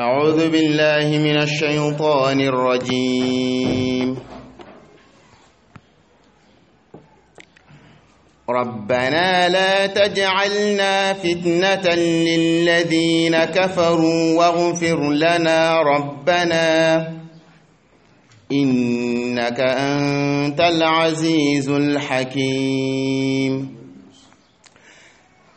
أعوذ بالله من الشيطان الرجيم ربنا لا تجعلنا فتنة للذين كفروا واغفر لنا ربنا ربنا إنك أنت العزيز الحكيم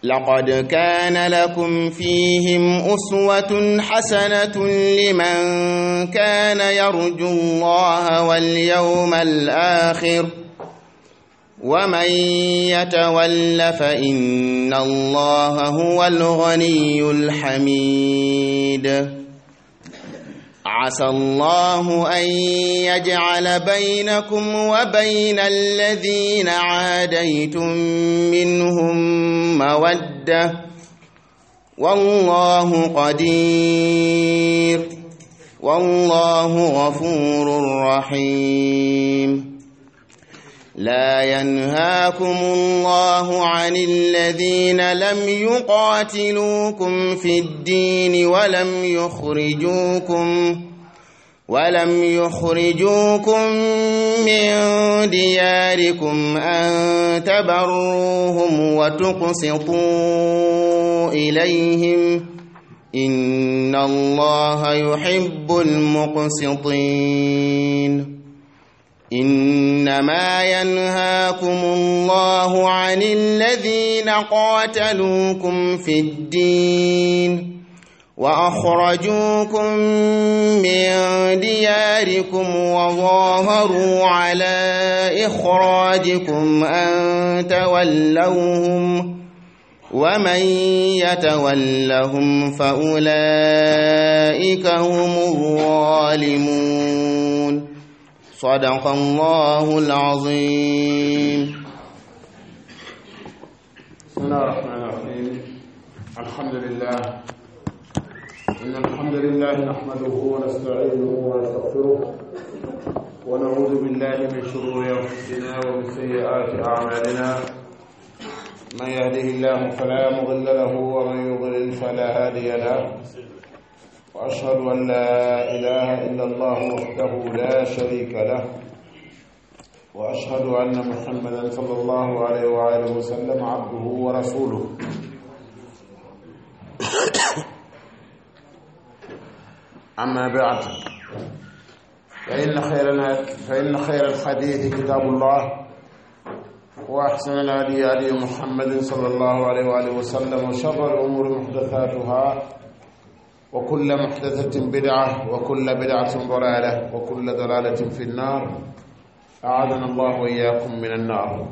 لقد كان لكم فيهم أسوة حسنة لمن كان يرجو الله واليوم الآخر ومن يتول فإن الله هو الغني الحميد عسى الله أن يجعل بينكم وبين الذين عاديتم منهم مودة والله قدير والله غفور رحيم لا ينهاكم الله عن الذين لم يقاتلوكم في الدين ولم يخرجوكم ولم يخرجوكم من دياركم أن تبروهم وتقسطوا إليهم إن الله يحب المقسطين إنما ينهاكم الله عن الذين قاتلوكم في الدين وأخرجوكم من دياركم وظاهروا على إخراجكم أن تولوهم ومن يتولهم فأولئك هم الظالمون صدق الله العظيم بسم الله الرحمن الرحيم الحمد لله الحمد لله نحمده ونستعينه ونستغفره ونعوذ بالله من شرور انفسنا ومن سيئات اعمالنا من يهده الله فلا مضل له ومن يضلل فلا هادي له واشهد ان لا اله الا الله وحده لا شريك له واشهد ان محمدا صلى الله عليه واله وسلم عبده ورسوله أما بعد فإن خير فإن خير الحديث كتاب الله وأحسن الهدي هدي محمد صلى الله عليه وآله وسلم وشر الأمور محدثاتها وكل محدثة بدعة وكل بدعة ضلالة وكل ضلالة في النار أعاذنا الله وإياكم من النار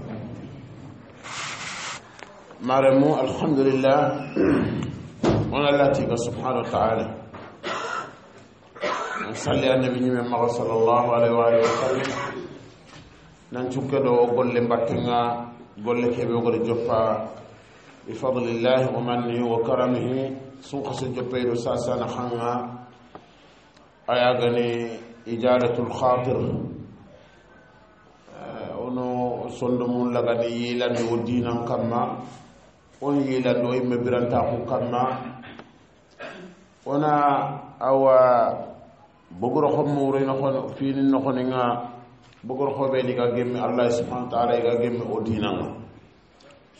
مرمو الحمد لله ونلاتي سبحانه وتعالى salli annabi ñumen maxo salallahu alayhi waalihi wa sallam nan cukke ɗo golle mbattenga golle keɓe gole joppa bi fadlillahi wa mannihi wa karamihi suuka so joppeyɗo sasana xanga ayagani ijadatul xatir eh, ono sondo mum lagani yilande o dinan kamma on yilande o yimme biranta ku kamma ona awa bogoro xo mowre noxone fiini noxoninga bogoro xoɓe ni ga gemme allah subhanau taala ga gemme o dinanga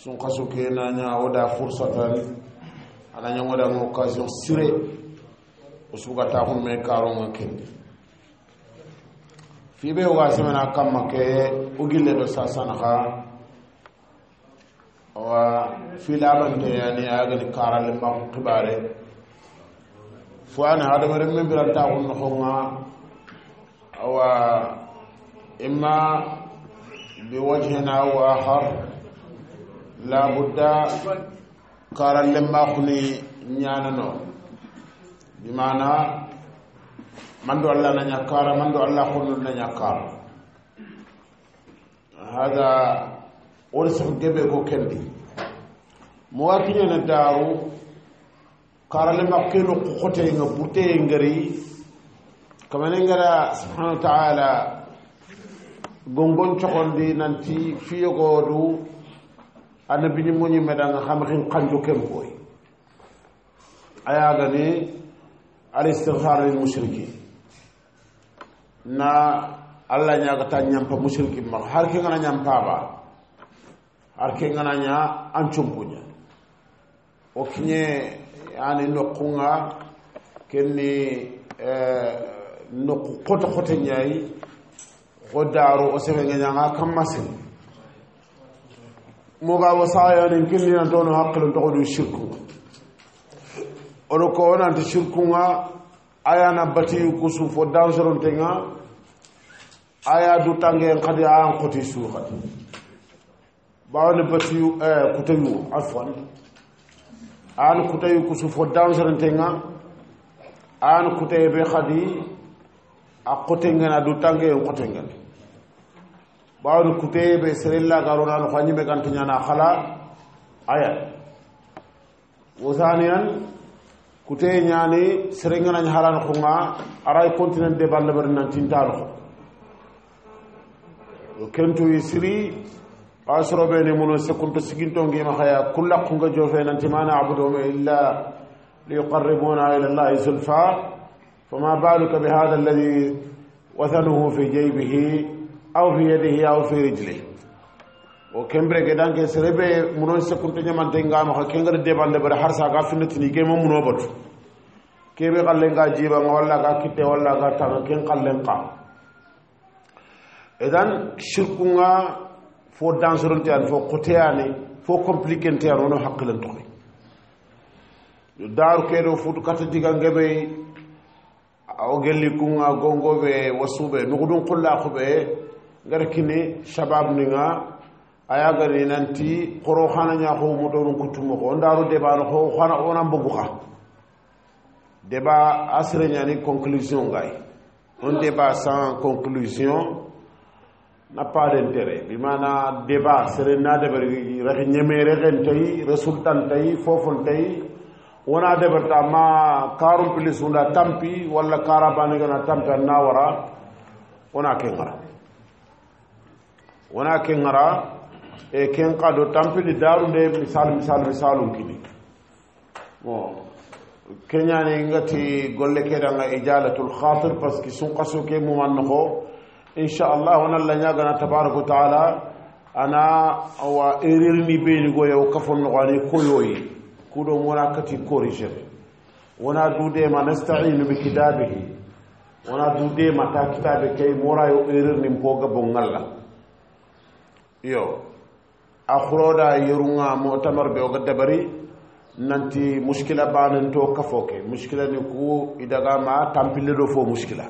sun xa suke naña wo da fursatan ana ñangodanga occasion sire o suga taxun me karonga kene fiɓe oga semana kamma ke o gille ɗo sasanaxa owa filabanteyani ayagani karalemba xu xiɓare fo an hadamaren min biranta kun nohonga awa imma biwajhin aw ahar labudda karallenma kuni ñanano bimana mando allah na ñakkara mando allah hunnul na ñakkara hada woni soh geɓe ko kendi mo wakiñene daaru karale makke no kokote nga bute ngari kamane ngara subhanahu wa ta'ala gongon chokondi nanti fiyo godu ana biñu moñu meda nga xam xin xanju kem boy aya gani al istighfar lil mushriki na alla ñaga ta ñam pa mushriki ma har ki nga na ñam ba har ki nga na ñaa anchu buñu o kine yani nokunga kenni eh, nokku koto kote ñayi o daaru o seɓe geñanga kamma sen moga wo kenni killina tono hakkilo togoɗum sirkunga oro ko wonanta nga ayana batiyu su fo dansorontenga aya du tangen kadi su koti suukadi bati batiyu eh, kuteyu afwan an kutay ku su fo dangerante nga an kutay be khadi akote ngena du tangé on kote ngena baaru kutay be serilla garona no khani be kantu nyana khala aya wosanian kutay nyani serengana nyala no khunga aray continent de balle ber nan tintaru ko kentu isri asroɓeni muno sekkunto sigintonguima haya kullakkunga jofe nanti ma nabuduma illa liyuqarribuna ila llahi zulfa fama baluka hada alladi wathanuhu fi jeybihi aw fi yadihi aw fi rijlih o kembrege danke serebe munon sekkunto ñamante ngamaha kengara debande bare har saga finnatini gema muno batu kebe kallenga jibanga wala ga kitte walla ga tanga ken kallen ka edan nga. fo dangerante ani fo koteyani fo compliquente ani wono hakkilen tokoy yo daaru keeɗo fuutu katta diga ngeɓey o gelli kuga gongoɓe wasuɓe nugu ɗum qullakuɓe gara kini sabab ninga ayagani nanti koro hana ñako wumo ɗo ɗum kuttumo ko daaru débat no hana ona mbogu ka débat asireñani conclusion ngay on débat sans conclusion n'a pas d'intérêt. Bi mana débat sere na débat rek ñëmé rek en tay résultat tay fofon tay wana débat ma karum plus wala tampi wala karabane gëna tampi nawara wana ke ngara wana ke ngara e ken qado tampi di daru de misal misal misal ngini bo kenya ne ngati golle ke da nga ijalatul khatir parce que sun qaso ke mu man ko insha allah wona gana ñagana tabaraka wa taala ana awa ererni ni go yaw kafon noxoani koyoyi kuɗo wona kati corrigere wona dudema nastainu bi kitabihi dude ma ta kitabe kay morayo erernin ko bon ngalla yo a xuroda yerunga motamar ɓe oga dabari nanti muskila banen to kafo ke muskila ni ku idaga ma ɗo fo muskila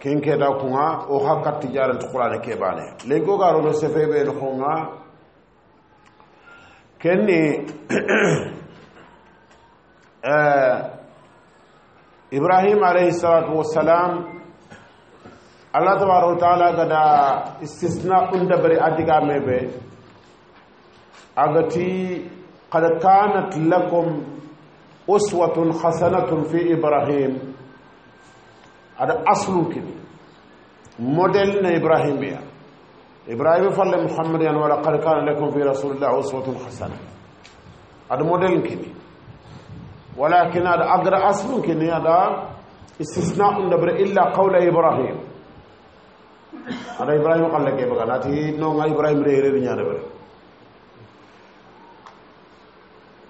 ken keta kunga o xa katti jarenti qurane ke bane len ko garono sefeɓen xonga kenni eh, ibrahim alayhi salatu wassalam allah tabaraka wa taala gada istisna un dabari adiga meɓe agati qad kanat lakum uswatun hasanatun fi ibrahim ada aslu aɗa aslunkini modèle ne ibrahimiya ibrahima falle muhammad ya wala qad kana lakum fi rasulillah uswatun hasana ada model kini walakin ada agra aslu kini ada istisna unda dabre illa qawla ibrahim ada ibrahim qalle ke baga nati noga ibrahima reereri ñadaɓere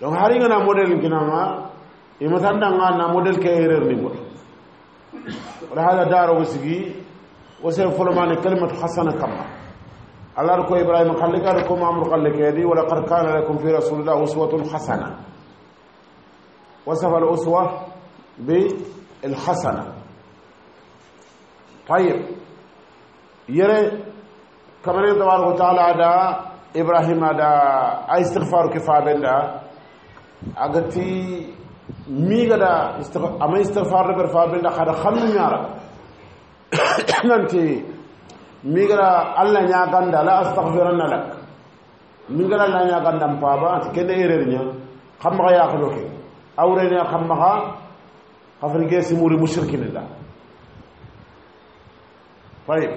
donc haringana modèle kinanga imatandanga na modèle ke ererni mboɗo ولهذا دار وسجي وسير فلمان كلمة حسنة كما على ركوا إبراهيم قال لك ركو عمرو قال لك يدي ولقد كان لكم في رسول الله أسوة حسنة وصف الأسوة بالحسنة طيب يرى كما تبارك وتعالى دا إبراهيم دا استغفار كفابين دا أغتي migada ama istihfar degar fabilla hada hamnu ñara nanti migada allah ñaganda la astahfiranna lak migada allah ñagandan paaba ati kende erreur ña xammaxa yaxilo ke awrene xammaxa xafrike simuri mushrikine la tayib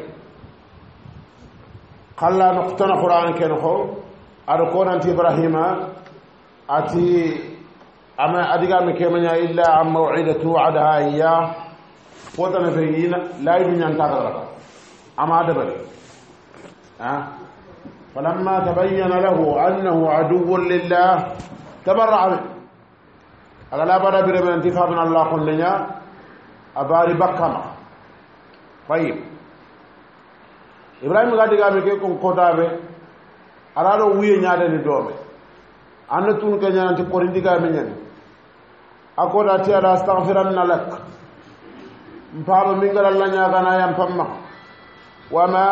xalla noqtana qur'an ken xo aɗa ko nanti ibrahima ati أما أدقام كمن إلا عن موعدة وعدها إياه وطن فيين لا يجن ينتظر أما دبر أه؟ فلما تبين له أنه عدو لله تبرع منه أغلا بدا بدا من انتفاضنا الله قلنا أباري بكما طيب إبراهيم غادي قام يكون كتابه أرادو ويه نادني دومه أنا تون كنيا أنت قرندي قام ينادي akoda ti ada astaghfiranna lak mpaalo mingala allah ñagana yam pamma wama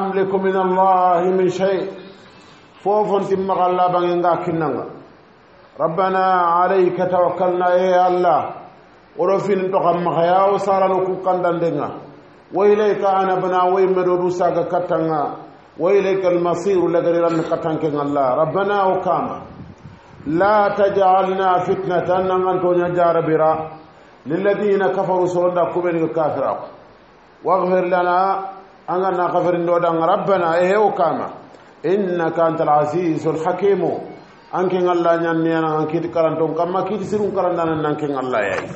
amliku min allahi min shay fofontin maga allah bange nga kinnanga rabbana alayka tawakkalna e allah oɗo finin tokan maga yawo sarano kukkandandenga wa ilayka anabna woy meɗoɗu saga kattanga wa ilayka almasiru lagariranno kattankenga allah rabbana o kama la tajalna fitnatan nangantoña jarabira liladina kafaru solonda kuɓenigo kafiraku wahfir lana anganna hafirindodan rabbana e hewo kama innaka antal asisu lhakimu anken allah ñanniyana an kiiti karanton kamma kiiti sirum karandana nanken allah yayi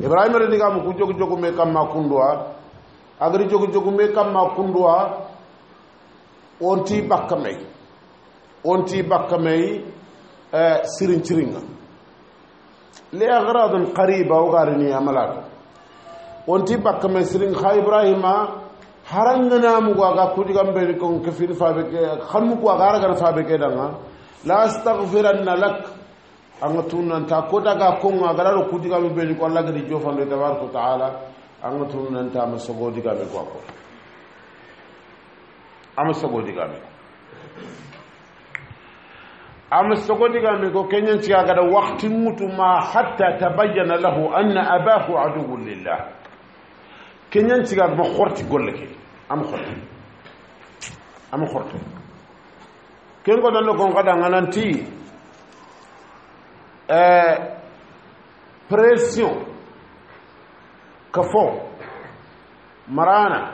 ibrahima redigamu ku jogu jogume kamma kunduwa agri jogu jogume kamma kunduwa onti bakka mayi وانتي بقمي آه سيرين سيرين لأغراض قريبة وغارني أملاك وانتي بقمي سيرين خا إبراهيم harangana mugu aga kudigam beri kon kefin fabeke khan mugu aga aragan fabeke danga la astaghfiranna lak anga tunan ta ko daga kon aga laro kudigam beri ko Allah gadi jofan do tabaraka taala anga tunan ta masogo digame ko ko amasogo digame أما السقوط قال نقول كن ينسي هذا وقت موت ما حتى تبين له أن أباه عدو لله كن ينسي هذا مخورت يقول لك إيه؟ أم خورت أم خورت كن قد نقول قد أنتي بريسيون آه، كفو مرانا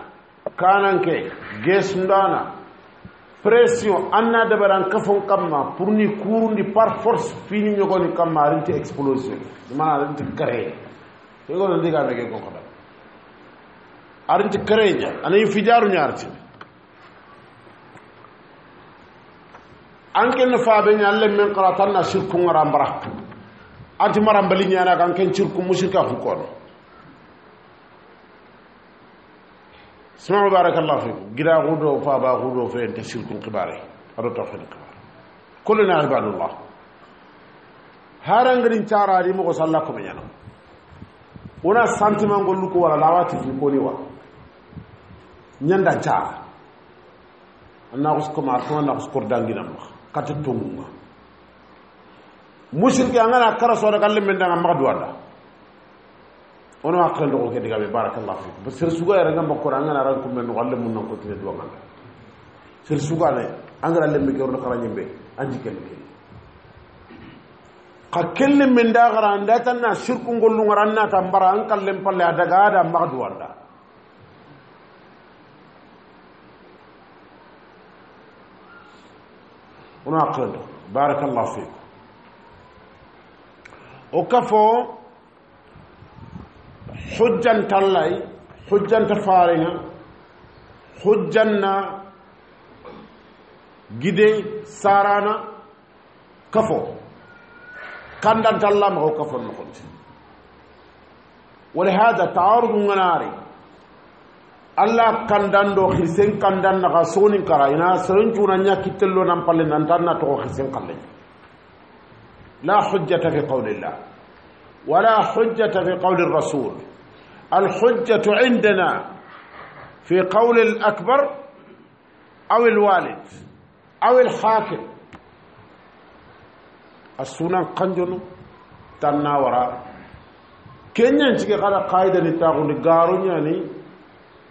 كاننكي جيسندانا pression anna dabaran kafon kamma pour ni kurundi par force fini ñogoni kamma arinti explosion man arinti créé yegono ndigaɓe ko kokoɗa arinti créé ña anayi fijaru ci anken no faaɓe ña allen men qara tanna sirku ngara mbara anti bali ñana kan ken shirku musirka ko kono سمعوا بارك الله فيك جدا غدو فابا غدو فين تسيركم قباري هذا توفين قبار كلنا عباد الله هاران غرين تارا دي مغو صلى لكم يانا ونا سانتمان غول لكو ولا لاواتي في بولي وا نياندا تارا ناقصكم عرفون ناقصكم دانجينا مخ كاتتومو مشركي انا كرسو رقال من دانا مغدوالا ono hakkile ndogo ke digaɓe barakallah fik par sere suga yaranga makkore angana aran kumme nogo an lemmu nan continue duwanganda sere sugane angara lemme ke orno karañimɓe an jikkelle ke xa kelle men da gara anda tanna sirku ngollugara an nata mbara an kallen palle a ada maxa duwanda ono hakkile ndogo barakallah fik o kafo hujjantallay hujjanta faariŋa hujjanna gidey sarana kafo kandantalla mago kafon nogonti walihada taarudu ŋanaari alla kandando hirsen kandan naga sonin kara ina sonin cuna nya kitello nan palle nan tan na to hirsen kalle la hujjata fi qawli llah wala hujjata fi qawli rasul الحجة عندنا في قول الأكبر أو الوالد أو الحاكم السنة قنجن تناورا كن ينتكي قد قايدة نتاغن قارون يعني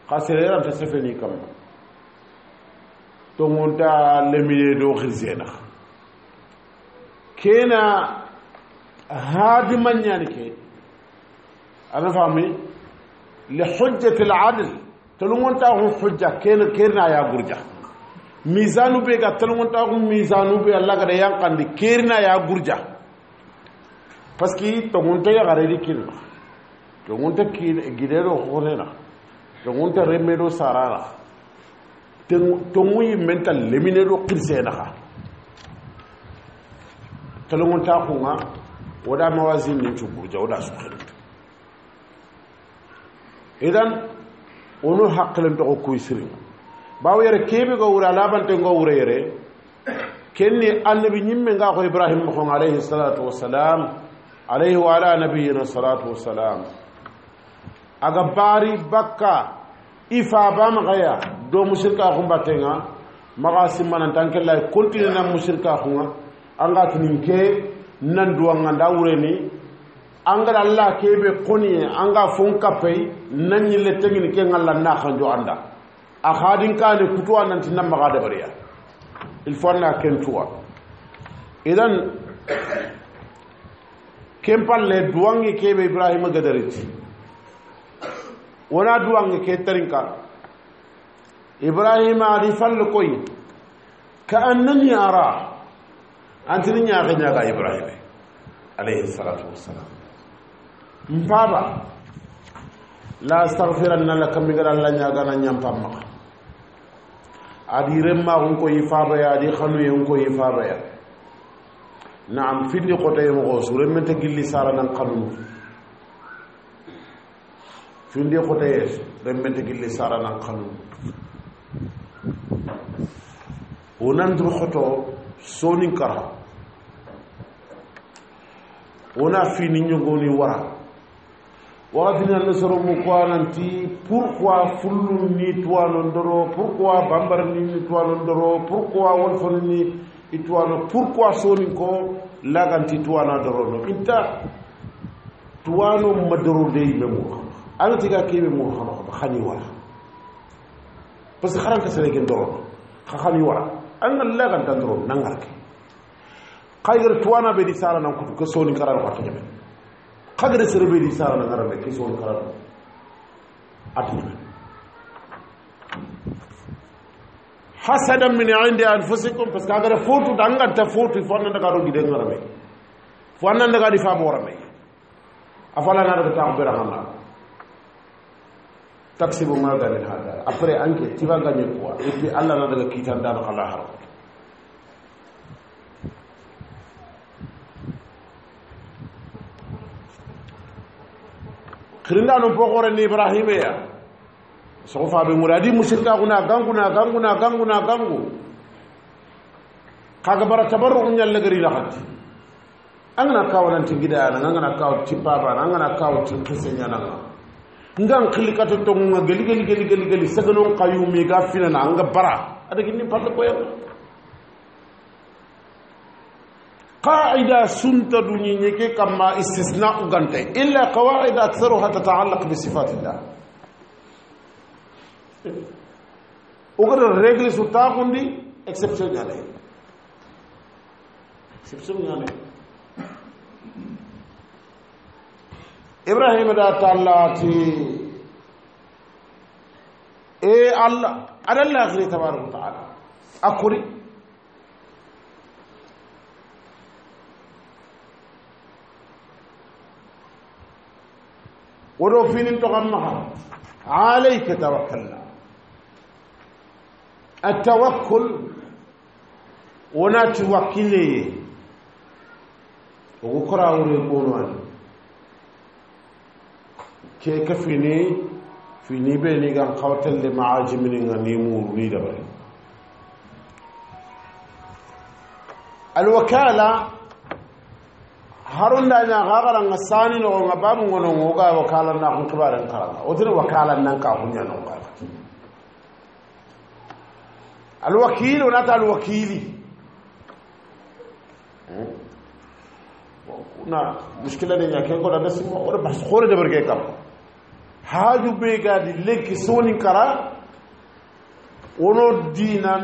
قاسرين تسفني كمان tongonta lemine do khirsena كنا haadi يعني كي أنا فهمي لحجة العدل تلون تاهم حجة كين كيرنا يا برجة ميزانو بيغا تلون تاهم ميزانو بي الله غدا ينقن دي كيرنا يا برجة باسكي تغون تا يغري كيرنا تغون تا كيرو خورنا تغون تا رميرو سارانا تلون يمنتا لمينيرو قرسينا تلون تاغونا ودا موازين نيتو برجة ودا سخرين idan onu hakkilen tɔgɔ koyi sirin bawo yɛrɛ kebe ka wuri alaban tɛ ka wuri yɛrɛ kenni annabi ɲimmi nga ko ibrahim mɔkɔn alayhi salatu wa salam alayhi wa ala nabi yina salatu wa salam aga bari bakka ifa ba ma kaya do musirka kun ba tenga maka simmanan tanke lai kontinu na musirka kunga an ka tunin ke nan duwa nga da wuri ni angara allah kebe koni anga fon kape nanyi le tegini ke ngalla na khanjo anda akhadin kane kutuwa nanti namma gada bariya il faut na kentuwa idan kempalle duwangi kebe ibrahima gadariti wona duwangi ke tarinka ibrahima adi fallu koy ka annani ara antini ñaake ñaaga ibrahima alayhi salatu wassalam mpaba la astaghfiranna laka mi gara la ñagana ñampamma adi remmaxun ko yifabaya adi yon ko ya naam findi xotoye so sure mente gilli saranan xanunu findi xotoye rembente gilli khanu xanunu dur xoto sonin kara wona fini ñogoni wara wawatina le soromo kuwananti pourquoi fullum ni tuwanon doro pourquoi bambarani ni tuwanon doro pourquoi wolfon ni i tuwano pourquoi soni ko laganti tuwana dorono inta tuwano ma doro de yimɓe mum xama anatiga keɓe mum xama xama xani wara parce que xaranka seregen dorono xa xani wara anga laganta doro nangar ke xaygar tuwana ɓe di sara nan kutu ke sonin karan xarta ñamen قدر سره به دې سره نظر مې کې څون کړم حسدا من عند انفسكم بس کا اگر فوٹو ڈنگا تا فوٹو فون نہ کرو گی دے کر میں فون نہ کا دفاع مور میں افلا نہ رتا عبد الرحمن تقسم ما دل هذا افرے ان کے تیوا گنے کو اے اللہ نہ کا کیتا دا اللہ ہر xirindano poxoreni ibrahimeya soxo faɓe ŋuri adi be muradi musirka ganguna gangu na na na gangu gangu gangu kaga bara tabarru nya la tabarru'u ñallagari laxati a ngana kawananti gidayananga a ngana kaw tippabana a ngana kaw xeseñananga ngan xilikato tongunga geli geli geli geli geli sagalon qayumi ga na anga bara adaginni parle koyanga قاعده سنت دنيك كما استثناء غنت الا قواعد اكثرها تتعلق بصفات الله أقول الرجل ستاقون دي exception يعني exception يعني إبراهيم دا تعالى إيه الله أنا الله تبارك وتعالى أكوري ودو فين تغمها عليك توكلنا التوكل وناتوكلي وقرا ويقولون كي كيك فيني فيني بيني كان قوتل لمعاجم نيمور ني دبر الوكاله harunda nya gagara nga sani no nga babu ngono ngo ga wa kala na ku kibaran kala o tin wa kala nan ka hunya no ga al wakil wa nata al wakili na muskila ne nya ke ko da sima o ba khore de berge kam haaju be ga di leki soni kara wono dinan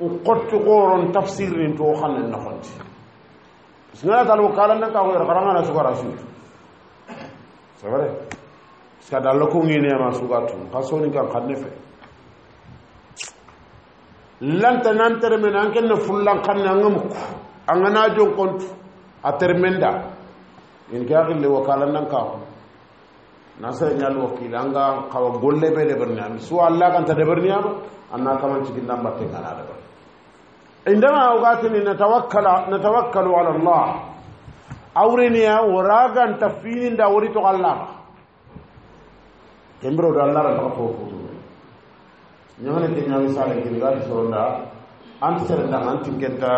o qottu qoron tafsirin to xanen na xonti sinata alwakala ka ko karanga na sukara su sabare ska dalla ko ngi ne ma suka tu ka so ni ka khanne fe lanta nan tere men an ken fullan khanne an ngam ko an na jon kontu a termenda in ka gille wakala nan ka ko nasa nyal wakila anga kawa golle be de berniam su allah kan ta de berniam anna kaman cikin nan batte kana de berniam عندما أوقات نتوكل نتوكل على الله أورينيا وراغان تفين دا أوريتو الله تمبرو دا الله رفقه ñamane ke ñaami saale ke gaati soronda anti sere ndan anti kenta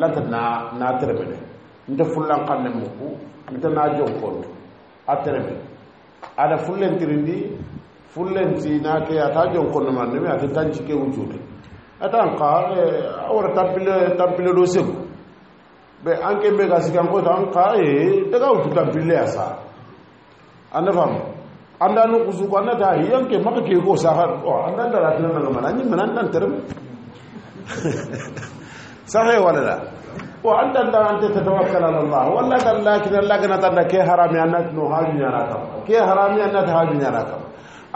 lanta na na terebene nte fullan kanne muku nte na jonkondo a terebe ada fullentirindi fullenti na ke ata jonkondo manne me ata tanci ke wujude atanqa awara tampile tampile do segu be anke be ga sikan ko tan ka e daga wutu tampile asa anda fam anda no kusu ko anda ta yanke maka ke ko sa har o anda da ratin nan mana ni mana nan tarim sahe wala la o anda da anta tatawakkal ala allah walla kan lakin allah kana tan ke harami annat no hajinya na kam ke harami annat hajinya na kam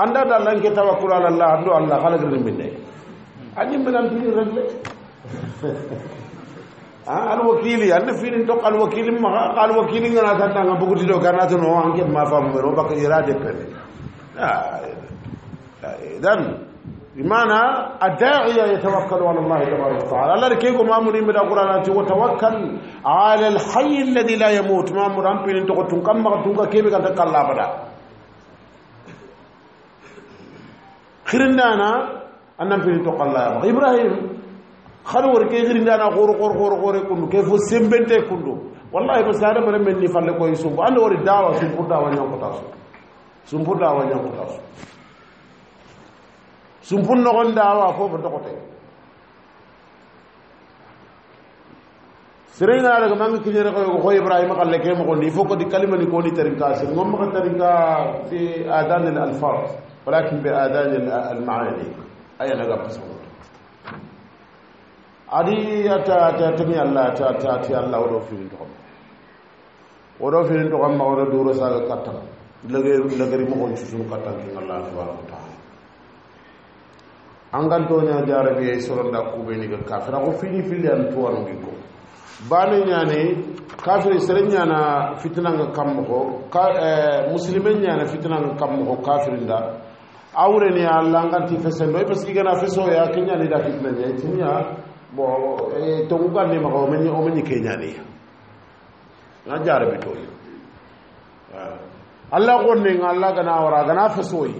anda da lan ke tawakkul ala allah ando allah khalaqal minne annin minan finin regle alwakili anni finin tok alwakili maxa alwakili ngana tantanga bugutido garnatino anke ma famumen o bak ira depende idan بمعنى الداعية يتوكل على الله تبارك وتعالى الله ركيكو ما مريم من القرآن وتوكل على الحي الذي لا يموت ما مرام بين انتو قد تنقم تنقى كيف كانت تقال بدا خيرنا أنا في توك الله ابراهيم خلور كي غير ندانا غور غور غور غور كون كيفو سيمبنتي كون والله ما سار مر مني فال كو أنا اند وري داوا سوم بو داوا نيو كو تاسو سوم بو داوا نيو كو تاسو سوم بو نغون داوا فوفو دوكوتي سرينا لك مانغ كي نيرا كو خو ابراهيم قال لك مكو دي فوكو دي كلمه ني كو دي تريم تاسو نوم مكو تريم تا في اذان الالفاظ ولكن باذان المعاني ayana ga masoro adi ata ata tani allah ata ata ti allah wodo fi ndo xam wodo fi ndo xam ma wodo do rosa ga katta lege lege mo on ci sunu katta ki allah subhanahu wa ta'ala angal to nya jara bi ay soro da ku be ni ga kafir ko fi ni fi li an to wono ko bani nyaani kafir sere nyaana fitna nga kam ko ka, eh, muslimen nyaana fitna nga kam ko kafir nda awre ne allanganti fesendo parce que gana feso ya kenya ni da fitna ya tinya bo e to ku kan ne mako men o men kenya ne na jare be to Allah ko ne Allah gana wara gana feso yi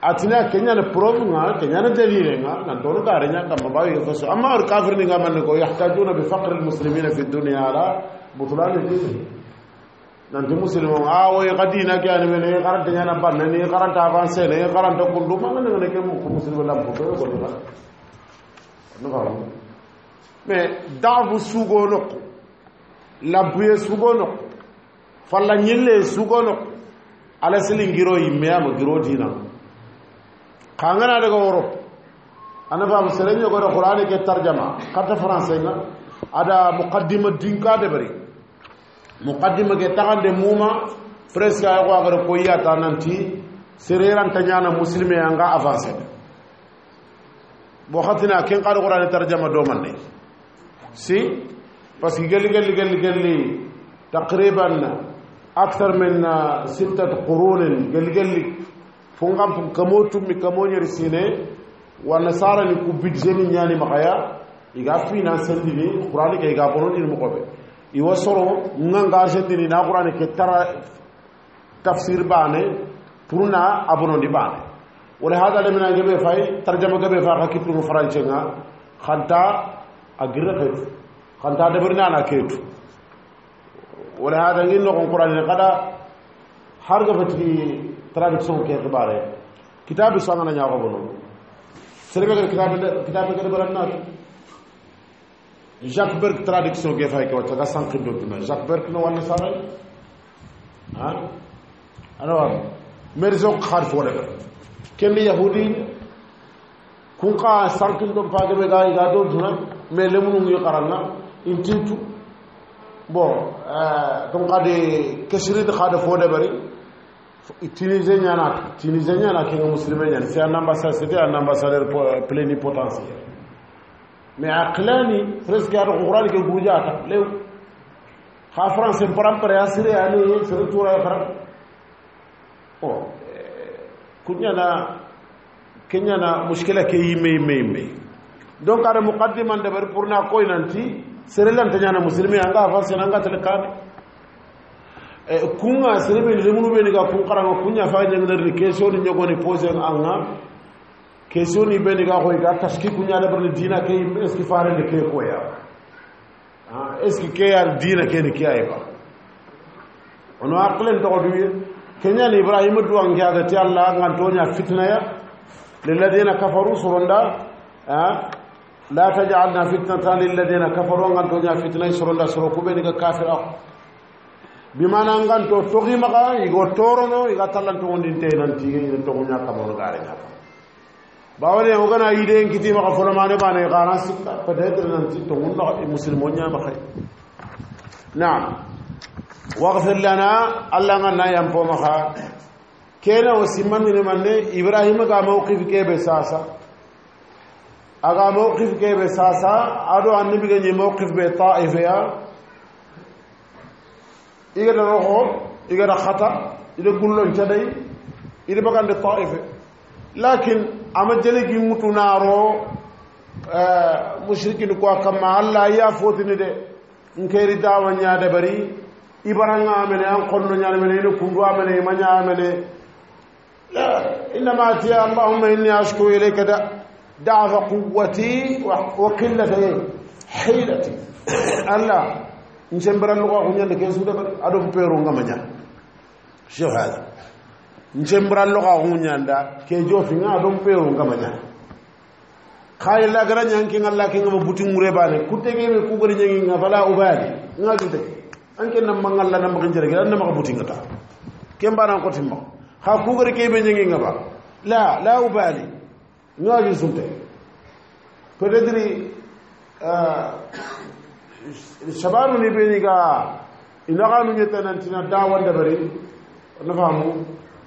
atina kenya ne probe nga kenya ne dalile nga na to ka renya kam ba yi feso amma ar kafir ne ga man ko yahtajuna bi faqr al muslimina fi dunya ala butlan al nanti musilimo awoy kadina ke ani mene karanta ñana banne ni karanta avancé ne karanta kundu manga nangane ke mu ko musilimo lampo ko ko dula no fa mais dabu sugo nokku lampuye sugo nokku falla ñille sugo nokku ala silin giro yimmeyama giro dina kangana daga europe ana fam sereñogode qur'ani ke tarjama katta français nga ada muqaddima dinka de bari muqaddima ke taxande muma presque a yoxo agara ko yata nanti sereranta ñana musilme anga avancé bo xatina ken xar xurane tarjama ne si parce que gelli gelli gelli gelli taqriban akthar min sittat qurunin gelli gelli fungam fum kamo tummi kamo ñeri sine nasara ni ku bidjeni ni ñani maxaya iga financendini qurani ke iga bonon in moxoɓe iwasoro nga ngaasetini naakurani ke tara tafsir baane pour na abonondi baane wala hada le mena gebe fay tarjama gebe fa ka kitu france nga khanta agirra fet khanta de burna na ketu wala hada ngi no qur'an ni qada har ga fati traduction ke baare kitabu sanana nya ko bono serbe ga kitabu kitabu ga baran na jacques berk traduction ge fay ke watta ga sankim document jacques berk no wanna saray ha ana war merzo khar fo daga ken yahudi kun ka sankim do page be ga ga do duna me le munu ngi qaranga intintu bon euh kun ka de kesiri de khada fo dabari tunisie ñana tunisie ñana ke muslimé ñana c'est un ambassadeur c'était un ambassadeur plénipotentiaire mais a xilani presque aɗa ko qurani ke gurjata lew ha français ya a siré ani sere turay xara oh eh, kunya na muskila ke yi yimme yimme yimme donc aɗa muqaddima ndeɓari pour na koy nanti serelantañana musilmi anga avancé nanga tele ne e, kunga sereɓeni ne ga kun xaranga kuña fa ñegnerni question ni posen an ha question ni ɓeni ga xoy ga taski kuñadaɓar ne dina ke yim est ce que farende ke koya est ce que keyan dina kene ke ay ba ono aqlen toxotu ye keñane ibrahima duwangiaga ti allah ngantoña fitna ya lilladina kafaru soronda la tajalna fitnata lilladina kafaru ngantoña fitna y soronda soro ku ɓeni ga kafir ax bimana nganto toximaxa yigo torono yiga tallantogondin teinantigeyine toguña kamono gareñafa باولي وغنا يدين كتي ما فلمان بان غانا سكا فدهت ننتي تون المسلمون يا مخي نعم واغفر لنا الله غنا ينفو مخا كينا وسيمن من ابراهيم کا موقف کے بساسا اگا موقف کے بساسا ادو النبي کے موقف بے طائف یا اگر روحو اگر خطا اگر گلن چدی اگر بکن طائف لكن ama jelegi mutunaro mushrikini ko kamma allah ya fotini de nkeri dawa ñaade bari ibaranga amene an konno ñaade mene ene kundu amene maña amene la innama tiya allahumma inni ashku ilayka da ضعف قوتي وقلة حيلتي الله نسمبر اللغة هنا لكي سودة أدو بيرو غمجا شو هذا njembra loka hunyanda ke jofi nga don pero ngamanya khay la gara ki ngalla ki ngam buti ngure bane tege be ku gori nyang nga fala ubali nga jute anke nam mangalla nam ngi jere gara nam buti ngata ke mbaran ko timba ha ku gori ke be nga ba la la ubali nga ju sunte peut-être ah, shabanu ni be ni ga ina ga nu nyeta nan tina dawanda bari na famu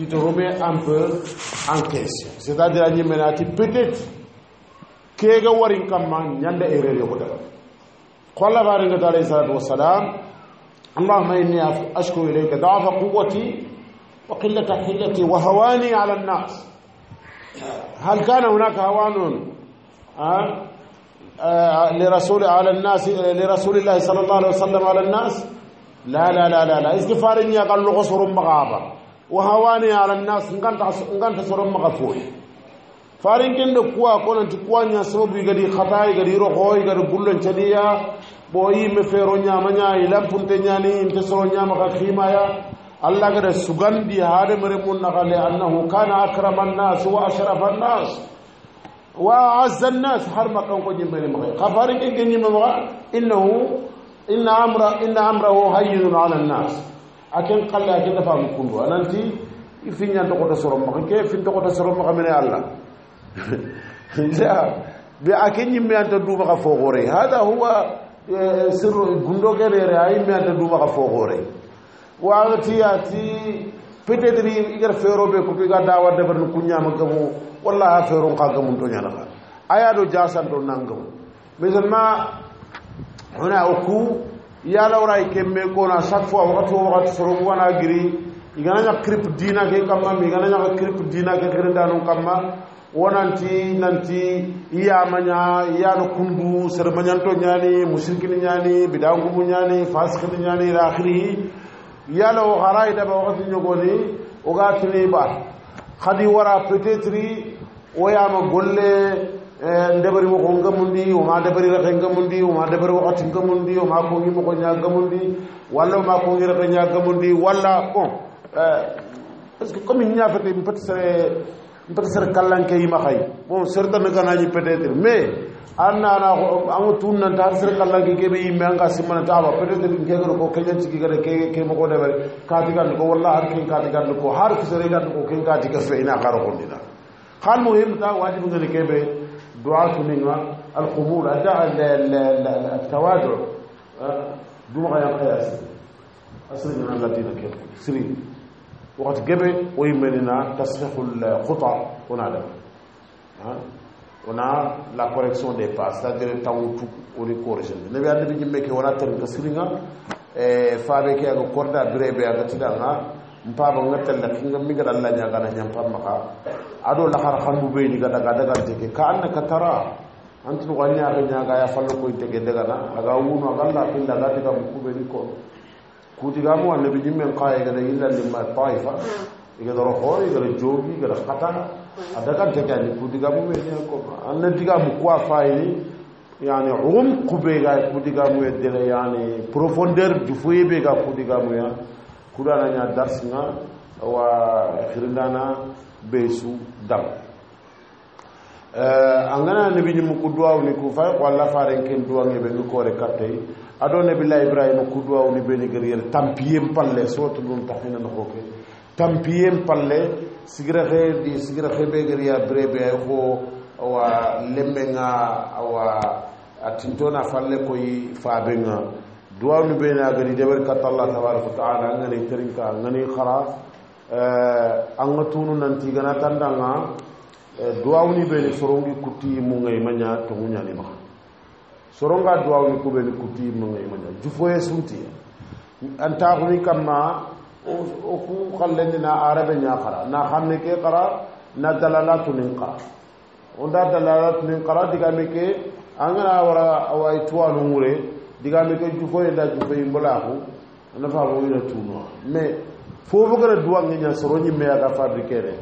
tu te remets un peu en question. C'est-à-dire, il y a peut-être que les gens ne sont pas en train de se faire. قال الله عليه اللهم إني أشكو إليك ضعف قوتي وقلة حيلتي وهواني على الناس هل كان هناك هوان لرسول على الناس لرسول الله صلى الله عليه وسلم على الناس لا لا لا لا لا استغفار إني أقل قصر مغابة وهواني على الناس ان كانت صرم مغفوي فارين كن دو كون انت نيا سوبي غدي خطاي غدي روخوي غدي بولن تشديا بو يم نيا ما نياي لام فونت نياني انت سو نيا ما خيما يا الله غد سوغان دي هاد مريمون نغالي انه كان اكرم الناس واشرف الناس وعز الناس حرم كون كون جيمري ما فارين كن جيمري ما انه ان امر ان امره هين على الناس aken qalle ake dafa mu kundu ananti ifinya to kota soro maka ke fin to kota soro maka mena alla ja be akenyi me anta du maka fo gore hada huwa sirru gundo ke re ay me anta du maka fo gore wa ati ati peut-être igar fero be ko ga dawa de bar kunya maka mu walla fero ka ga to nyana ka aya do jasan do nangam mais ma huna oku yalawra kemme kona chaque fois wakati o wakati soro wana giri iganaña crip dina ke kamma mi iganañaka crip dina ke xirindanu kamma wonanti nanti iyamaña iyano kundu sermañanto ñani musirkini ñani bidangumu ñani fasikini ñani ila axirihi yala o xara idaba wakati ñogoni oga tini baat xadi wara peut être o golle ndebari mo ko ngamundi o ma debari raxe ngamundi o ma debari wakati ngamundi o ma kongi mo ko ña ngamundi walla o ma kongi raxe ña ngamundi walla bon parce que comme ñafete peut sere peut sere kallanke yima xay bon certaine ganañi peut être mais an nana anga tunnanta har sere kallanke keɓe yimme anga simmananta awa peut être kegano ko keñancikigade ke mo ko deɓare katigande ko walla har ken katigande ko har kisere gande ko ken katiga fe ina xaro xondina xal mo yimta wajibu ngene keɓe دعاة منها القبول أداء التوادع دون غير قياس أسرين من الذين كيف سرين وقد قبل ويمننا تصحيح الخطع ونعلم ها ونا لا دي باس إيه، لا دير تاو تو نبي ادي بيجي ميكي ورا تن كسرينا ا كوردا دري بي mpa ba nga lah, tel ki nga mi kan nga dal lañ nga dal ñam pa ma ka ado la har xam be ni ga daga daga te ke ka an ka tara antu ko anya ga nya ga ya fal ko te ke daga na aga wu no ga la pin da da te ka bu be ni ko ku ti ga an bi jimme ka ye ga da yilla ni ma taifa e ga ro ho e ga jo gi khata ada ka te ni ku ti ga mo be ni ko an ne ti ga kwa fa ni yani um be ga ku ti ga de yani profondeur du foyer ga ku ti ga ya dars nga wa hirindana beesu dam eh, an gana nebi ñimu ku duwawni ku fay wala allah ken duwa duwange ɓe ngi koore kattay aɗo nebila ibrahima ku duwawni ɓeni geriyere tampiyem palle tahina no tahinana ke tampiyen palle sigiraxe ɗi sigiraxe ɓe geriya brebe ay ko awa lemmenga awa a tintona falle koy nga duwawni ɓeene agadi deɓeri katta allah tabaraka wa taala angani terinka angani hara anga tunu nanti gana tandanga duwawni ɓeene sorongi kutti mungay maña toguñani maxa soronga duwawni kuɓeni kutti mungay maña jufoye sunti antaxuni kamma o ku xalleni na arabe ña xara na xamme ke xara na dalala tunin xara onda dalala tunin xara digame ke angana wara away tuwanu wure. me ko juufoye nda juufoyin bola ko ana faamo tuno me fo bo gara duwange ña soro me fardi fabrikere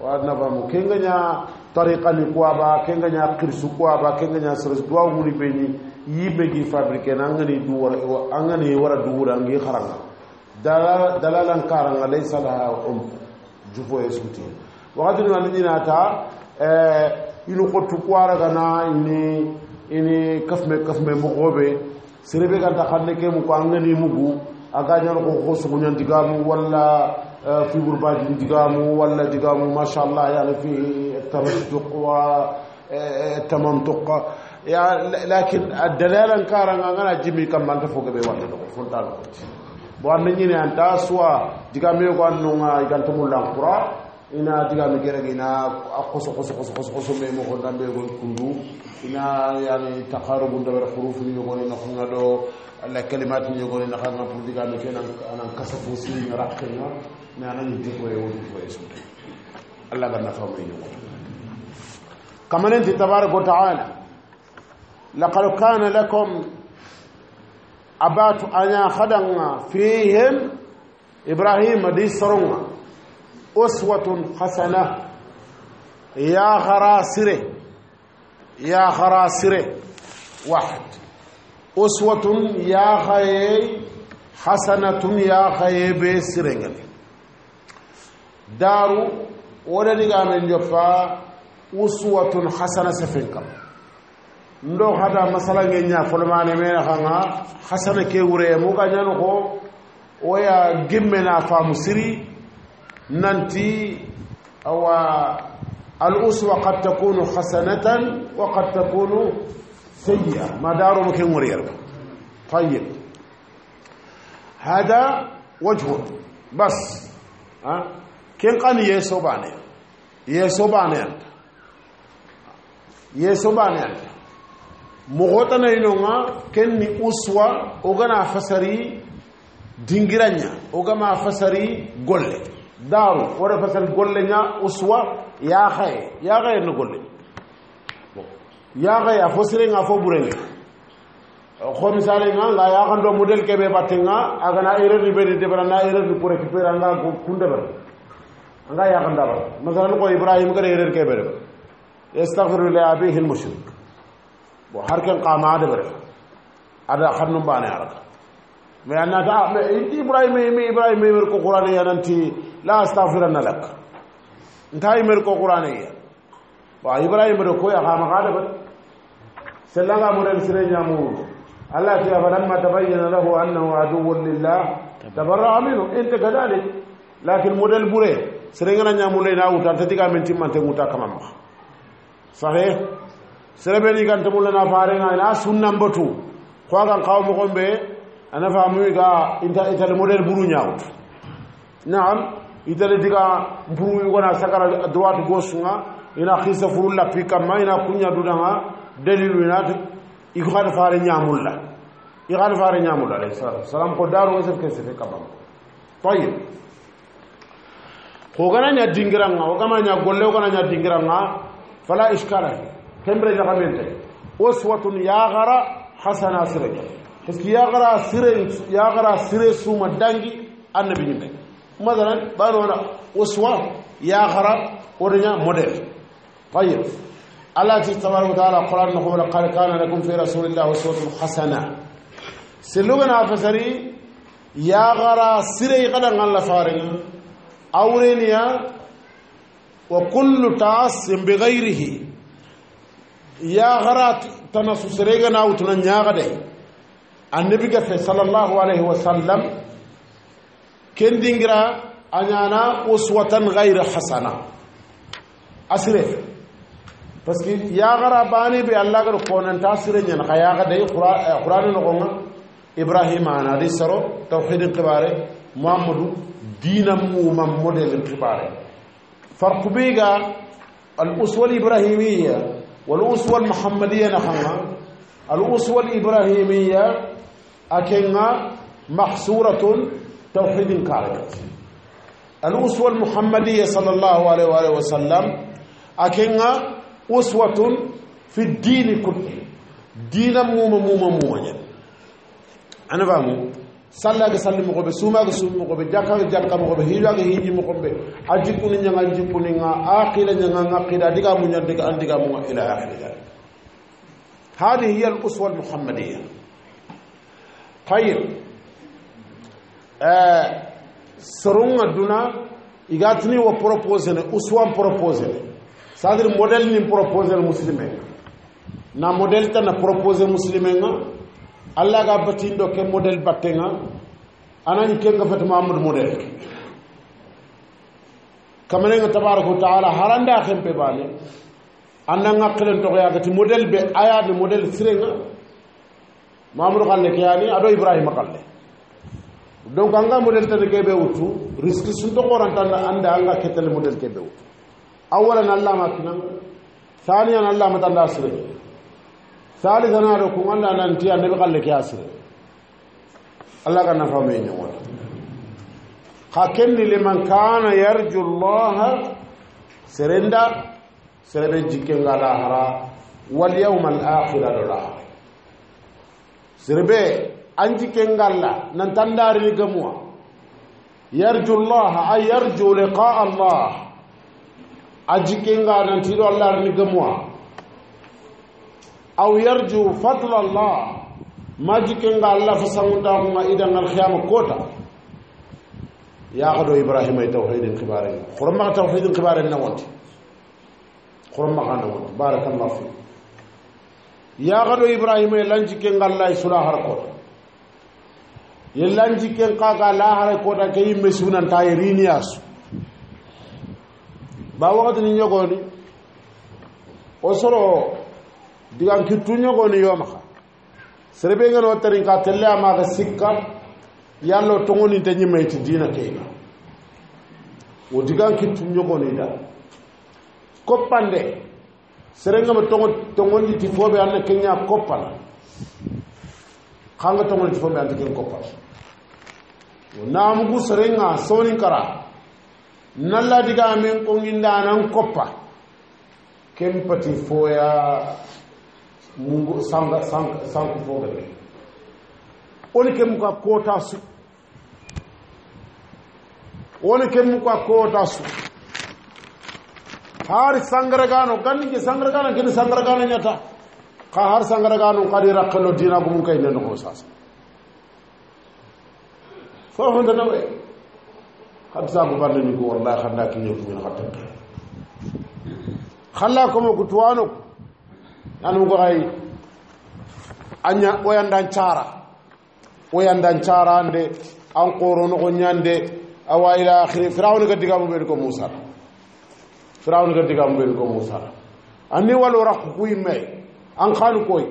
wa nafaamo ba ña tariqani kuwaba kenga ña kirsu kuwaba kenga ña soro duwa wuri be ni be gi fabrique ne angani duwara angani wara duwura ngi haranga dalalan karanga laysa laha um jufoye suti wakati numa niñinata eh, ini xottu kuwaragana ini ini kafme kafme moxoɓe serebe ganta xanne ke mu ko angani mugu aga ñor ko ko su ñan digamu wala fi burba digamu wala digamu ma sha Allah ya fi tarajjuq wa tamantuq ya lakin ad-dalala nkara nga na jimi kam man fo gabe wala ko fon tal ko bo am ni ni anta soa digamu ko annu nga ganta mu lampura ina digamu gere gina akko so so so so so me mo ko dambe ko kundu هنا يعني تقارب دبر حروف اللي يقولي نخونا دو الكلمات اللي يقولي نخونا بودي كان فينا أنا كسف وسيل نرقينا ما أنا نجيب ويقول في اسمه الله بنا فهم إيه يقول كما أنت تبارك وتعالى لقد كان لكم أبات أنا خدنا فيهم إبراهيم دي سرونا أسوة حسنة يا خراسره yaahara sire wahad uswatun yaahaye hasanatun yaahaye be sire ngene daaru woɗaɗigaame njoppa uswatun hasana sefen kam ndo hada masala nge ñafolemaane mene xanga hasana ke wureye muga ñano ko waya gimmena faamu siri nanti awa الأسوة قد تكون حسنة وقد تكون سيئة ما دار مكين مرير طيب هذا وجهه بس ها كين قال يسوباني يسوباني أنت يسوباني أنت مغوتنا ينوما كني أسوة وغنا فسري دينغرانيا وغما فسري غولي دارو ورا فسر أسوة yaxay yaxay nogolle yaxay a fo sirenga fo ɓurenge ko misalenga nga yaxando modèle keɓe battenga agana erreur ni ɓene deɓara na erreur ni pour récupérer anga kun deɓara anga yaxandaɓar masalan ko ibrahima gada erreur keɓe deɓa estahfiru li abihi l mushrik bo har ken qama deɓare ada xannum mbane arata mais a nata ibrahima imi ibrahima imir ko qurane yananti la astahfiranna lak እንታይ ምርቆ ቁርአን እያ ዋ ኢብራሂም ርኮ ያ ሀመቃደ በ ሰላጋ ሙረል ስለኛ ሙ አላህ ያ ፈለማ ተበየነ ለሁ አነሁ አዱው ሊላህ ተበረአ ሚኑ እንተ ከዛሊክ ላኪን ሙደል ቡሬ ስለኛኛ ሙሌ ናው ታንተቲካ ምን ቲማን ተሙታ ከማማ صحيح سربني كان تمولنا فارنا انا سنن بتو خواغان قوم قوم به انا فاهمي كا انت انت الموديل برو نعم italetiga buruwi gona sagara droite gauche nga ina khisa furulla pikamma ina kunya dunanga dalilu ina ikhwan fare nyamulla ikhwan fare nyamulla alayhi salatu salam ko daru ngasef kese fe kabam tayib ko gana nya dingiranga o gama nya golle o gana nya dingiranga fala iskala kembre la khamente uswatun ya gara hasana sirake parce que ya gara sire ya gara sire suma dangi annabi nyimbe مثلا بانونا أسوة يا خرا ورنيا موديل طيب الله تبارك وتعالى قرآن نقول قال كان لكم في رسول الله أسوة حسنة سلوغنا فسري يا غرا سري قدن الله فارنا أورينيا وكل تاس بغيره يا غرا تنسو سريغنا وتنن يا غدي النبي صلى الله عليه وسلم kendingira añana uswatan gayre hasana asire parce que yaxara bani be allah gada konanta sire ñan xa yaxa day qurane noxonga ibrahima anadi saro tawhidin xibare mohamadou dina muma modelin xibare farqu be ga al uswa al ibrahimiya wal uswa al muhammadiya naxanga al uswa al ibrahimiya a kenga mahsuratun توحيد الكاركت الأسوة المحمدية صلى الله عليه وآله وسلم أكنها أسوة في الدين كله دين موما موما موما أنا فاهمه salla ga salli mo ko be suma ga suma ko be jakka ga jakka mo ko be hiwa ga hiji mo ko be aji kuni nya ga aji kuni nga aqila nya nga aqida diga mu nya diga an diga mu ila akhirih hadi hiya al uswa al muhammadiyya tayyib serun aduna igatini wo proposene uswan proposene c'est-à-dire modèle nin proposene muslimen na modèle tana propose muslimen allah ga batindo ke modèle battenga anani kenga fata mahamadou modèle kamanenga tabaraka wa taala haranda hempe bane anna ngakkilen tokoyagati modèle be ayade modèle sirenga mahamadou kalle keyani aɗo ibrahima kalle donc anga model tan ke be wutu risque su to qoran anda anga ketel model ke be wutu awalan allah ma kinan thaniyan allah ma tan asre thalithan aro kun anda nan tiya nabi qalle ke asre allah kan nafa me nyawa hakenni liman kana yarju allah serenda serebe jikke ngala hara wal do akhir adola serebe An anji kengalla nan tandari gamuwa yarju allah a yarju liqa allah A aji kenga nan tido allah ni gamuwa aw yarju fadla allah maji kenga allah fa samunda ma idan al khiyam kota ya gado ibrahim ay tawhidin kibare khurma tawhidin kibare nawati khurma kana barakallahu fi ya gado ibrahim ay lanji kenga allah sulahar kota yellanji ken kaga lahare kota ke yimɓe sunanta e riniyasu ba wakati ni ñogoni o soro digan kittu ñogoni yomaka serebe ngeno wattarin ka telle amaka sikka yallo tongoninte ñimmayti e dina keyna wo digan kittu ñogoni da koppande serengama tongo tongondi ti foɓe anna keña koppana khanga to ngol fombe ante ken ko pas namugu serenga sonin kara nalla diga men ko nginda nan koppa ken pati foya mungu sanga sanga sanga foga be woni ken ko kota su oni ken ko kota su har sangragano ganni sangragano ken sangragano nyata ka har sangaraganum kadi rakkello dinago mum kay ndeno ko sasa fofo ndeno e hadde sago bande ni ko wallahi hannda ki ñeku min hatta halla komo ko tuwano ko nanum ko hay aña oyandan caara oyandan caarande an qorono ko ñande awa ila akhiri firawni gaddigamu ɓeni ko moussa firawni gaddigamu ɓeni ko moussa anni walu rakku ku yimmeye an kanu koy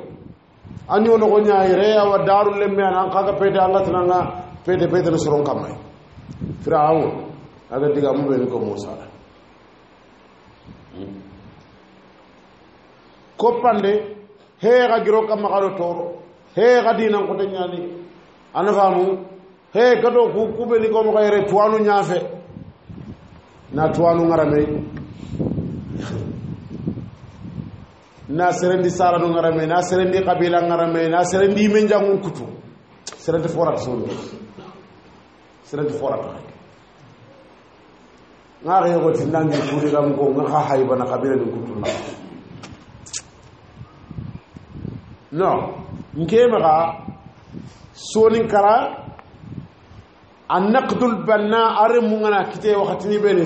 an yono ko nyaay reya wa darul lemme an kaga pete allah tananga pete pete no soron kamay firaun aga diga mu be ko musa hmm. ko pande he ga giro kam ga toro he ga dinan ko tanyani anafamu he gado ku kube ni ko mo kayre tuwanu nyafe na tuwanu ngarame na serendi sarano ngarame na serendi kabila ngarame na serendi menjangun kutu serendi forat sunu serendi forat ngara yego tindangi kuri gam go ngaha hayba na kabila ni kutu na no nkema ga sonin kara النقد البناء أرمونا كتير وقتني بيني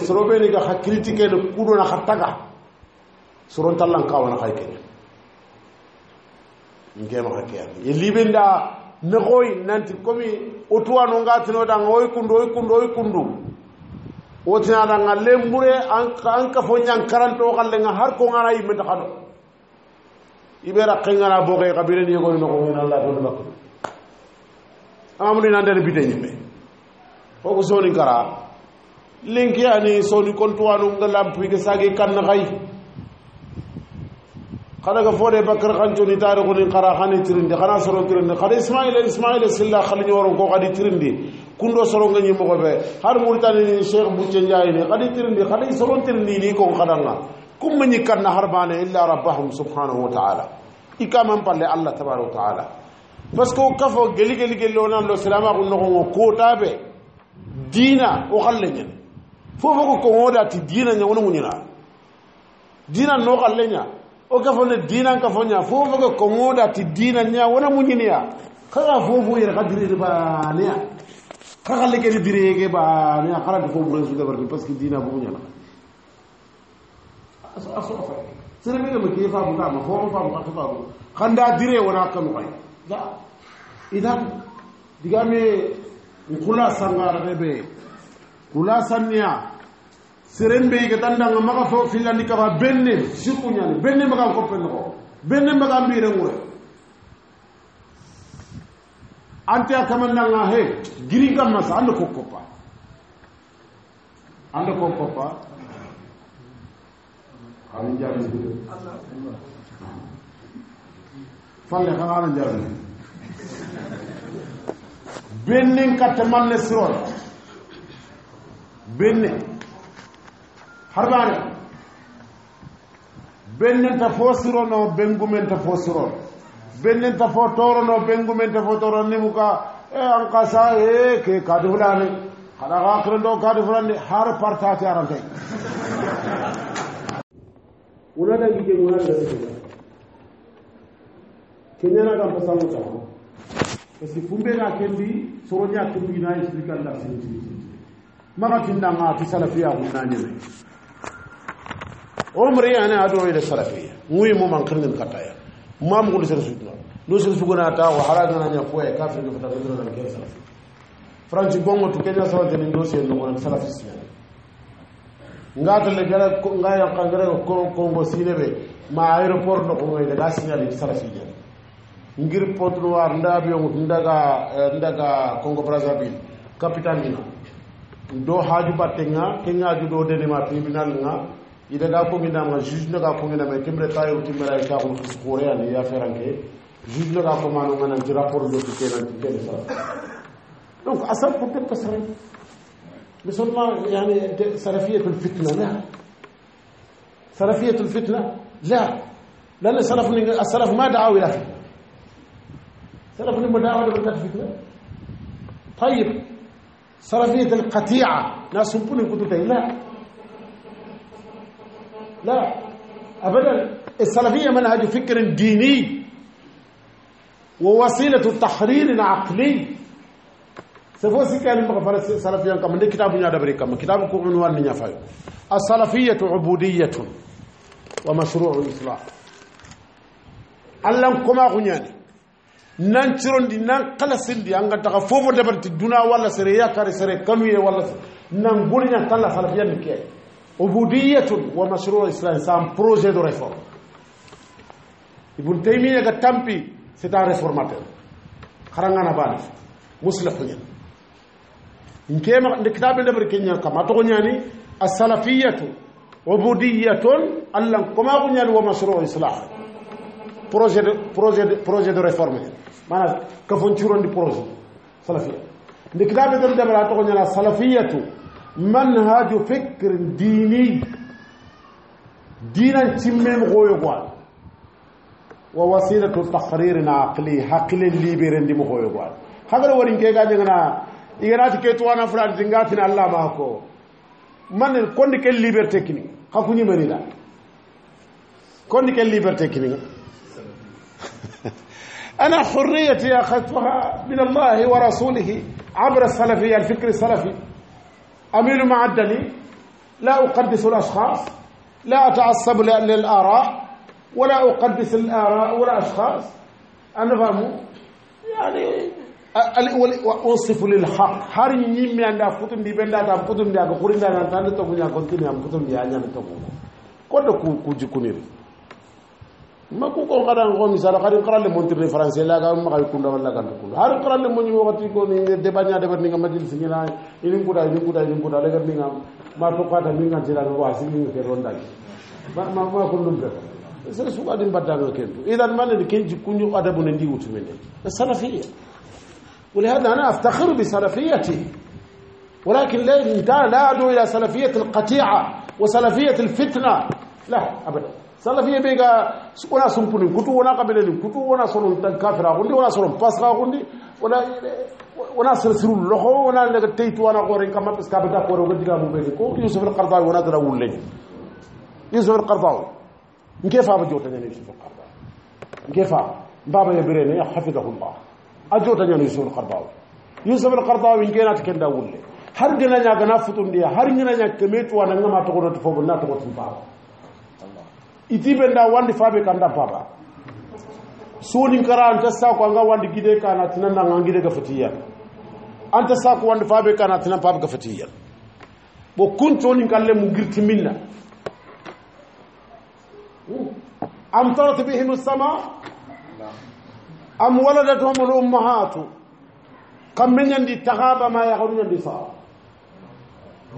soron tallan kawana xay kene nkema xa ke ani ye libenda nexoy nanti comme otuwanonga tino danga oy kundu oy kundu oy kundu wotina danga lemmbure an kafo ñang karanto xallenga har ko ngana yimmente xano ibe raqe ngana boxe xa biren yegoy noxoena latonu lak amamuni nandene bite ñimme foko soni kara linki ani soni kontuwanu nga lampuyke sage kanna xaye خلق فوري بكر خانتو ني تاريخ ني قرا خاني ترندي خنا سرو ترندي خد اسماعيل اسماعيل سلا خل ني ورون كو خدي ترندي كوندو سرو غني مكو بي هر موريتاني ني شيخ بوتي نجاي ني خدي ترندي خدي سرو ترندي ني كون خدانا كوم ني كان هربان الا ربهم سبحانه وتعالى إكامن بالله الله تبارك وتعالى parce que o جلي جلي geli geli onan lo silama ko nogongo دينا diina o halle ñen fofo ko kogoɗa ti diina ña wona guñina ka okafone dina ka fo nkafonya fofo ke kongoda ti dina nya wona ka munyiniya kaga fofo yere kadirere baneya kaga lekeni direyeke baneya karati fo ɓure suga barni parce que dina bu boguñana asofa sere mi ma ke fo kama fofo famu kake kan da dire wona kanu kay ga idan digame nkula sangaraɓe ɓe kula sanniya serigne bi ga tandang ma ko fo fi la nika ba benne surtout ñaan benne ma ko ko pen ko benne ma ko mbire wo anti ak man na nga he giri gam ma sa and ko ko pa and ko ko pa am jabi falle ka ala jabi benne katte man le sirol benne harbaane bennenta fo sirono bengumenta fo siron bennenta fo torono bengumenta fo toron nimu ka e an kasa e ke kadi fulane haɗa ka kirendo kadi fulande har partati arantay wona da gije wona da sike kenyana kam pasango tawo parce que fumbe ga kendi soronya kendi na explique Allah sinti maga tinna ma fi salafiya gunna nyame ஒரு முறையே அணை ஆட்டுவோட சரப்பி ஊய் மூமா கருந்து கட்டாயம் மாம் கொண்டு சிறு சுத்தினோம் லூசில் சுகுனாட்டா ஒரு ஹராஜனா போய் காஃபி கட்ட விருதுனா கேள் சரப்பி பிரான்சி கோங்கோ டு கேஜா சவாத்தி நீ லூசி என்று உங்களுக்கு சரப்பி சுயான் உங்காத்தில் கேட உங்காய் அக்காங்கிற கோங்கோ சீனவே மா ஐரோப்போர்ட் நோக்கோங்க இந்த காசினால் சரப்பி இங்கிரு போத்துருவா ரெண்டாபி உங்களுக்கு இந்தகா இந்தகா கோங்கோ பிரசாபி கப்பிட்டான் தினம் டோ ஹாஜு பார்த்தீங்கன்னா கிங்காஜு டோ டெல்லி மாத்தி பின்னாலுங்க ida ga ko mina ma juge na ga ko mina ma kimre tayo timara ka ko skore ani ya feranke juge na ga ko ma no ngana ti rapport do ke na ke sa donc asal pour que kasra بصرنا يعني سلفية الفتنة لا سلفية الفتنة لا لأن السلف السلف ما دعوا إلى فتنة سلف ما دعوا إلى فتنة طيب سلفية القطيعة ناس يمكن يقولوا لا لا أبدا السلفية منهج فكر ديني ووسيلة تحرير عقلي سفو سكال مغفر السلفية كما من كتاب ابن ادبري كما كتاب كو عنوان نيا فايو السلفية عبودية ومشروع الإسلام الله كما غنياني nan cirondi nan kalasindi an ga taga fofo dabarti duna walla sere yakare sere kanuye walla nan goliñan talla سلفيه نكيه عبوديه ومشروع الاسلام سام بروجي دو ريفورم ابن تيميه كتامبي سي تان ريفورماتور خرانا نا بالي مصلح ني ان كيما عند كتاب الامر كينيا كما تغنياني السلفيه عبوديه الله كما غنيال ومشروع الاسلام بروجي بروجي بروجي دو ريفورم معنا كفون تشورون دي بروجي سلفيه ان كتاب الامر دابا تغنيال السلفيه منهج فكر ديني دينا تيمم غويغوال ووسيلة تحرير عقلي حقل اللي دي مغويغوال هذا ورين كيغا جنا إيرات انا فراد زنغاتنا الله ماكو من كون كل ليبرتي كني خاكوني مريلا كون كل الليبر تكني أنا حريتي أخذتها من الله ورسوله عبر السلفي الفكر السلفي أميل مع الدليل لا أقدس الأشخاص لا أتعصب للآراء ولا أقدس الآراء ولا أشخاص أنا فهمه يعني وأوصف للحق هر نيم عند فتن دي بندا تام فتن دي أكو خورين دا نتان تكو نيا كنتي نيا فتن دي أنيا نتكو كده كو كوجي كونيري ma ku ko ngada ngo sala sara kadi qara le montre de français la ga ma kay kunda wala kan kunda har qara le moñu wati ko ni de banya de ni ngam dil singina ni kuda ini kuda ini kuda le ga ni ngam ma to kata ni ngam sira wa wasi ni ke ronda ma ma ma ko dum ga sere su adin badda ga ken to idan man le ken ji kunyu adabu ne ndi wutu men salafiyya wala hada ولهذا انا افتخر بسلفيتي ولكن لا لا ادعو الى سلفيه القطيعه وسلفيه الفتنه la abada salafiye ɓe ga wona sumpuni kutu wona kaɓeleni kutu wona sonon tan kafira kundi wona sonon pasra kundi wona wona sersirul loxo wona lega teytu wana xooren kamma parce que abata koore oga diga mumɓene ko yusuf el kardawi wona dara wulleñi yusuf el kardawi nke faaba jotañani yusuf el kardawi nke faaba mbaba yabirene hafidahullah a jotañani yusuf el kardawi yusuf el kardawi nkenati ken da wulle har gena ñagana futundiya har gena ñag keme tuwa nangama toxonati fobo na toxotin baaba itibe nda wandi fabe kanda papa suni nkara anta sa ko anga wandi gide kana tinan nan anga gide gafatiya anta sa ko wandi fabe kana tinan papa gafatiya bo kunto ni kalle mu girti minna am tarat bihim as-sama am waladatuhum al-ummahatu kam min yandi taghaba ma yahrun yandi sa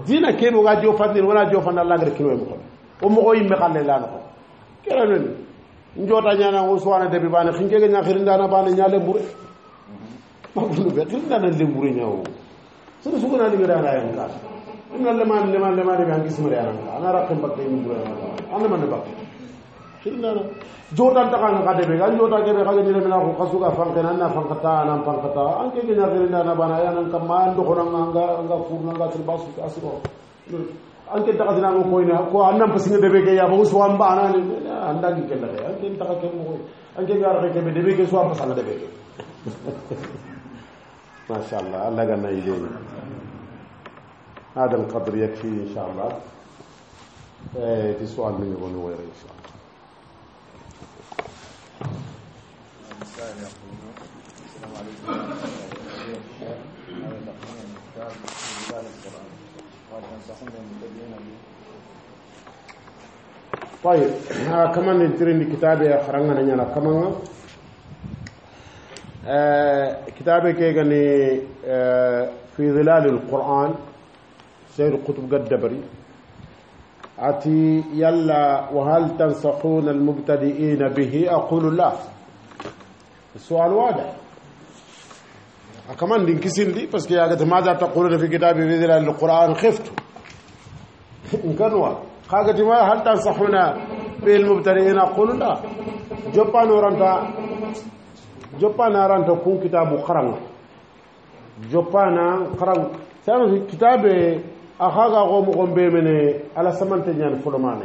dina kebo ga jofandir wala jofanda lagre kilo mo ko mo ko yimbe xalle la no eremen njota ñana o suwana debi bane xin kege ña xirindana bane ña lembure magundu be xirindana lembure ñawo sene sugana ligerana yan kaat imna leman leman leman debi an kismere ananka ana raqe mbakke ñuguranaa an lemane bakke xirindana jotantaxanga xa deɓe gan jota keɓe xa geniremena xu xa suga fankena anna fankata anan fankata an kege ña xirindana bana yanan kam ma ndoxonanga nga furnanga silba asiro anke daga sina ngo koyna ko annam pasinga debe ke ya bo so am bana ni anda ki kella ke anke daga ke mo anke gar ke ke debe ke so am pasanga debe ke ما شاء الله الله قالنا يجينا هذا القدر يكفي ان شاء الله دي سؤال من يقول وير ان شاء الله السلام عليكم طيب آه، كمان نترين كتابي خرجنا نجنا كمان آه، كتابي كيغني آه، في ظلال القرآن سير قطب قدبري أتي يلا وهل تنصحون المبتدئين به أقول لا السؤال واضح كمان لنكسل دي بس يا ما جاء تقولون في كتاب ذلك القرآن خفت إن كانوا قاقت ما هل تنصحون به المبتدئين قولوا لا جبا نورانتا جبا نورانتا كون كتاب قرن جبا قرن سأنا كتاب أخاك أغوم أغوم بيمني على سمان تنيان فلماني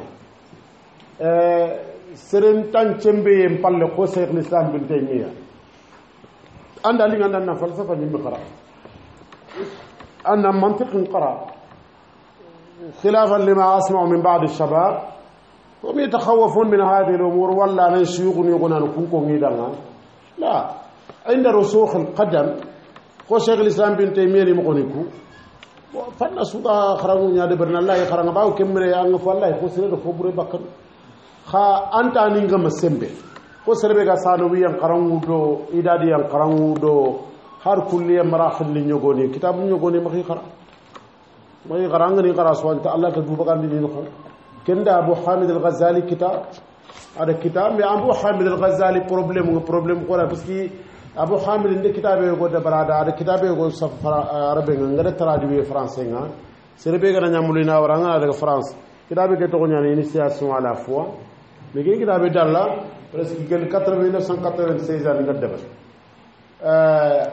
سرين أه، سرنتان تنبي يمبالي قوة شيخ الإسلام بن anda li nga ndan na أن منطق قرأ خلافا لما أسمع من بعض الشباب هم يتخوفون من هذه الأمور ولا من شيوخ يقولون نكوكم يدنا لا عند رسوخ القدم خو شيخ الإسلام بن تيمية يمقنكو فانا سوغا خرانو نيا دبرنا الله يخران باو كمري ان فالله خسره خبره بكر خا انت انغم سمبه وسربك سانوي ينقرنودو إدادي ينقرنودو هر كل يوم راح اللي نجوني كتاب نجوني ما يقرأ ما يقرأ عن يقرأ سوان تا الله تدوب عن اللي نقول كندا أبو حامد الغزالي كتاب هذا كتاب يا أبو حامد الغزالي بروبلم بروبلم كورا بس كي أبو حامد عنده كتاب يقول ده برادا هذا كتاب يقول سف عربي عن غير تراجمي فرنسي عن سربك أنا جمولي نعم ناورانا هذا فرنس كتاب يكتبه يعني إنسياسون على فوا لكن كتاب يدل ولكن قال 89 سيزان قدبر آه،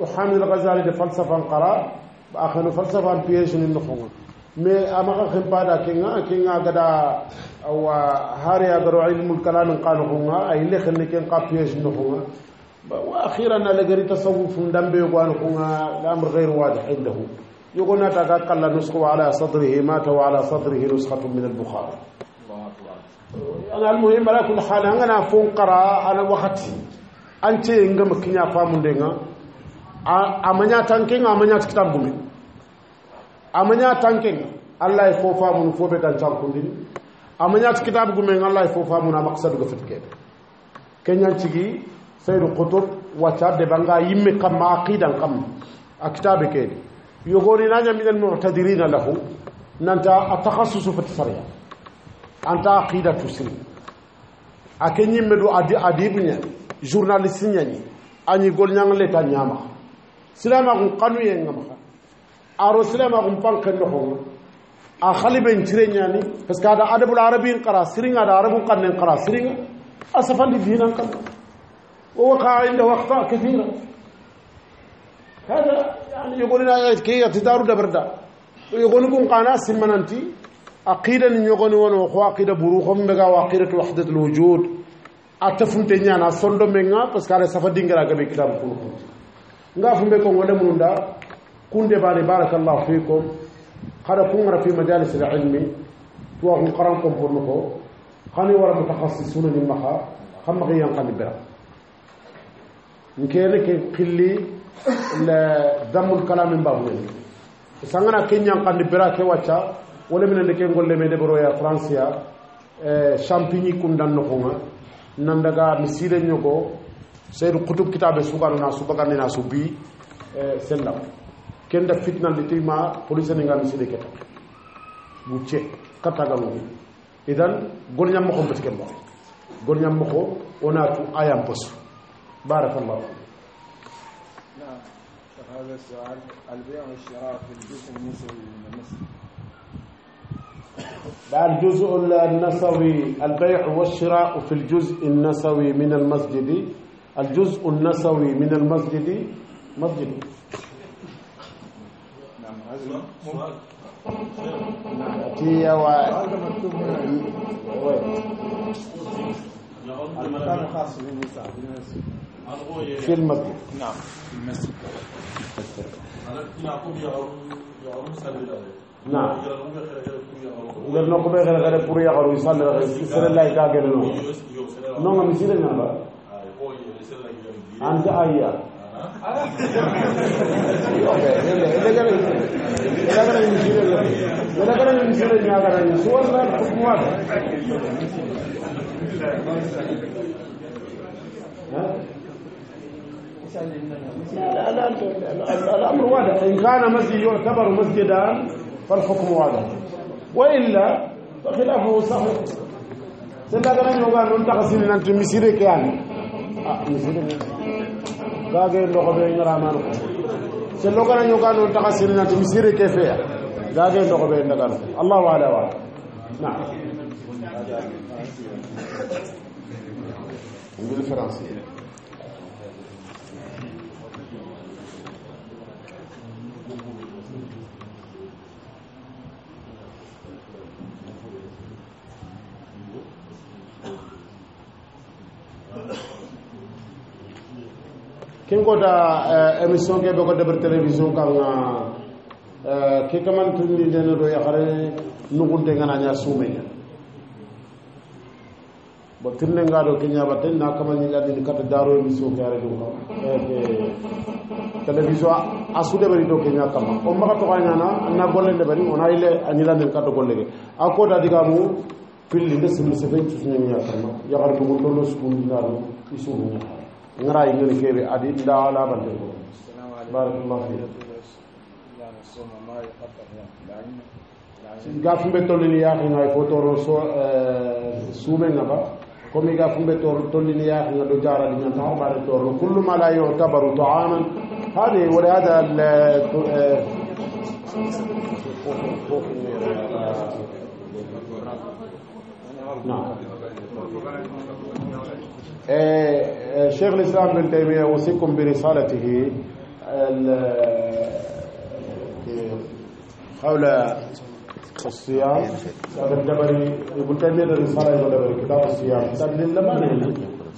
وحامد الغزالي دي فلسفه قرا اخنو فلسفه بي اتش ني نخون مي اما خن بادا كينغا كينغا غدا او هاري غرو علم الكلام قالو هما اي لي خن كين قا بي اتش نخون واخيرا لغري تصوف دمبي غوان هما الامر غير واضح عنده يقولنا تاكا قال نسخه على صدره مات وعلى صدره نسخه من البخاري ana almuhim ala kulli hal an gana fon qara ala wakati an ce ngam kinya famu denga amanya tanken amanya kitambume amanya tanken allah e fo famu fo be dan tankundini amanya kitab gumen allah e fo famu na maqsadu go fetke kenyan cigi sayyid qutub wa tabde banga yimme kam aqidan kam akitabe ke yogoni nanya min al mu'tadirina lahu nanta at-takhassus fi al-fariq أنت عقيدة تسلم أكيني مدو أدي أديبني جورناليسيني أني قول نعمل تانياما سلام أقوم قانوي عنما أرو سلام أقوم بان كنهم أخلي بين تريني أني بس كادا أدب العربي إنكرا سرينا العربي كان إنكرا سرينا أسفل الدين أنكرا ووقع عنده أخطاء كثيرة هذا يعني يقولنا كي يتدارو دبردا ويقولون قناة سمنانتي عقيدة نيوغوني وانو خو عقيدة بروخم بغا وعقيدة وحدة الوجود أتفن تنيا نا سندو مينغا بس كاري سفا دينغرا غبي كلام كوركو نغا فن بيكم ولم نوندا كون دي بارك الله فيكم خدا كون في مجالس العلمي توغن قرانكم فرنكو خاني ورا متخصصون نمخا خم غيان قاني برا نكيلي كي قلي لذم الكلام من بابوين سانغنا كينيان قاني برا كي واتشا wala mi nande ke ngolle me debro ya france ya eh champigny kun dan no kuma nanda ga mi sire nyoko sayru kutub kitabe subhanahu wa subhanahu wa subi eh sendam ken da fitna li tima police ni ngam sire ketta bu che kata ga ngi idan gol nyam ko ko ken ba gol nyam ko ona tu ayam bosu barakallahu nah هذا السؤال البيع والشراء في الجسم النسوي من المسلم بعد جزء النسوي البيع والشراء في الجزء النسوي من المسجد الجزء النسوي من المسجد مسجد نعم سؤال هي و... في المسجد نعم في المسجد نعم قال نو كوبي غير غير بوري غير يصلي غير سر الله كا قال نو نو ما مسيل نعم انت ايا لا لا الامر واضح ان كان مسجد يعتبر مسجدا فالحكم واضح والا فخلافه صحيح سيدنا كان يوغان نون تخسين انت مسيرك يعني اه مسيري باغي لوخو بين رامان سنة كان يوغان نون تخسين نانت مسيري باغي الله اعلم نعم بالفرنسي kinkota emission ke ɓe ko television télévision kanga ke kaman tundi do ya xare nu ndene ɗo yakare nya sume nya bo tinne nga do ɗo ba tin na kaman ni ni kata daro émission ke are ɗum kam television a su do suɗeɓari ɗo keña kamma on maxa toxañana anna golle ndeɓari ona ani a ni kata golle ke a da diga mu pilli nde simmi sefe cusuñaña kamma yakar nugun ɗo no sukundinaɗo i suumu nya نرى يقول كيف أدين لا على من تقول بارك الله فيك ga fumbe tolini yakinga fo toro so sume ngaba komi ga fumbe tolini yakinga do jarani ñanta hoɓare toro kullu ma la yuhtabaru taaman hade wona hada نعم شيخ الإسلام بن تيمية أوصيكم برسالته حول الصيام هذا الدبري ابن تيمية الرسالة دبري كتاب الصيام كتاب للمعنى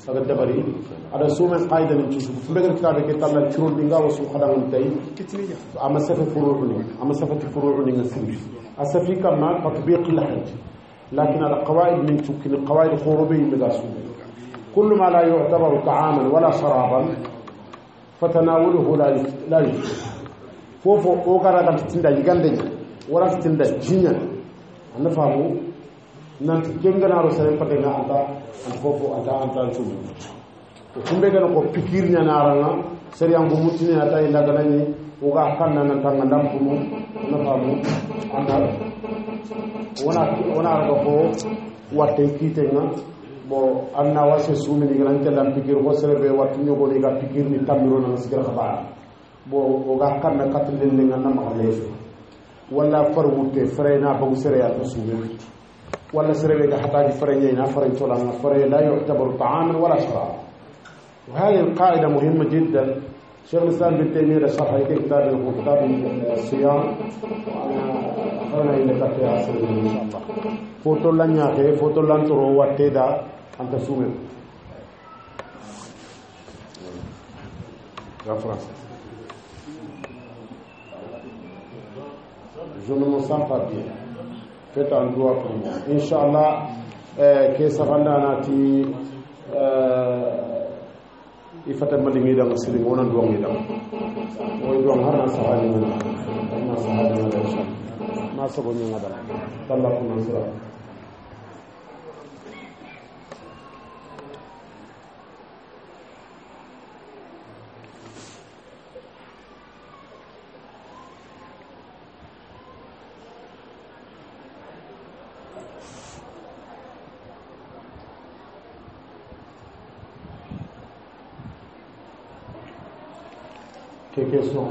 هذا الدبري على سوم قايدة من تشوف في بدر كتاب كتاب الشروط دينغا وسوم خدام التي أما سفة فروع لي أما سفة فروع لي نسيب أسفي كما تطبيق الحج لكن على قواعد من تشوف القواعد الخروبية من سوم كل ما لا يعتبر طعاما ولا شرابا فتناوله لا لا فوفو اوغارا دا تيندا يغاندي ورا تيندا جينيا نفهمو نانت جنغنا رو سرين فتنا انت فوفو انت انت سوم kumbe gana ko pikir nya narana seri angu mutini ata inda gana ni uga kanna na tanga ndam kunu na famu anda wana wana ko watte kitenga bon an na wase suumi ni ngan telam pikir ko sere be wat ñoko ni ga pikir ni tamiro na sigira xaba bo o ga kan na katlen ni ngan na ma lesu wala farwute frena ba sere ya suumi wala sere be ga hata di frenya na faren tola na fare la yu'tabaru ta'aman wala sharab وهذه القاعدة مهمة جدا شيخ الإسلام بن تيمية شرح كتاب كتاب الصيام أخذنا إلى كتاب الصيام إن شاء الله فوتو لن يأتي فوتو لن تروا واتيدا Antasumel. La France. Je ne me sens pas bien. Faites un doigt pour moi. Inch'Allah, eh, que Savanda Anati, eh, il faut que je dans le Syrien, on a un doigt dans On a un doigt dans le Sahara.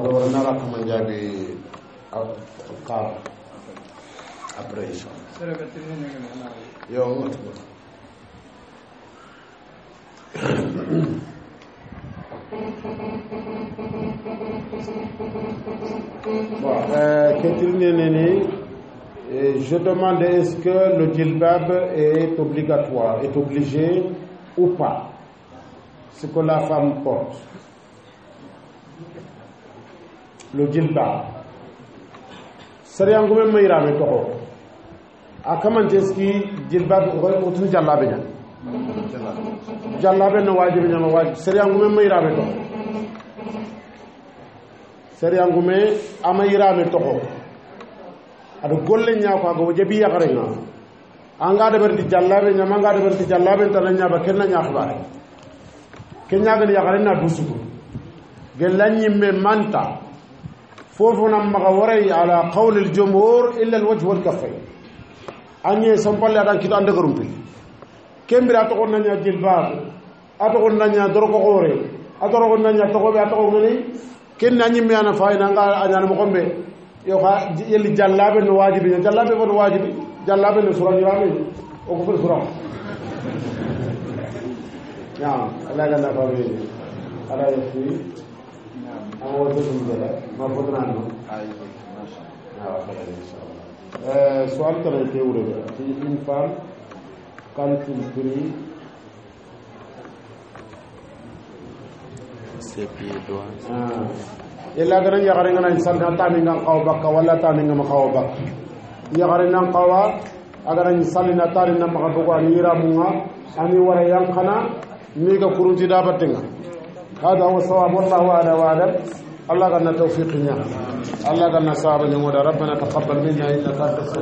gavana kama jabi faire après inshallah yo ngoto bon euh, ketirneneni je demande est-ce que le djilbab est obligatoire est obligé ou pas ce que la femme porte lu jinta sariyan gumen may rame toxo akamante ski jinta ko ko tun jalla be nyaa jalla be no wajibi nyaa wajibi sariyan gumen may rame toxo sariyan gumen amay rame toxo ada golle nyaa ko ko jabi ya garena anga de berti jalla be nyaa anga de berti jalla be tan nyaa ba kenna nyaa xabar kenya gal ya garena dusugo gelani me manta فوفنا مغوري على قول الجمهور الا الوجه والكفين اني سمبل ادان كيتو اندك رومبي كيمبرا تخون نانيا جيل باب اتخون نانيا دروكو غوري اتخون نانيا تخو بي اتخو غني كين ناني ميانا فاينا نغا انان مخومبي يو خا يلي جلابه نو واجب ني جلابه فون واجب جلابه نو سوره يامي او كفر سوره نعم لا لا لا فاوي على يسير سؤال ترى كيف ورد في إنفال كانت البري سيبي دوان إلا غير يا غرينا إنسان كان تامين عن قوبا ولا تامين عن مقوبا يا غرينا عن قوا أجر إنسان لنا تارين عن مقوبا نيرا مونا أني ورا يانكنا ميكا كروجي دابتينا هذا هو صواب الله أعلى وأعلم الله قلنا توفيق الله قلنا صعب ربنا تقبل منا إنك أنت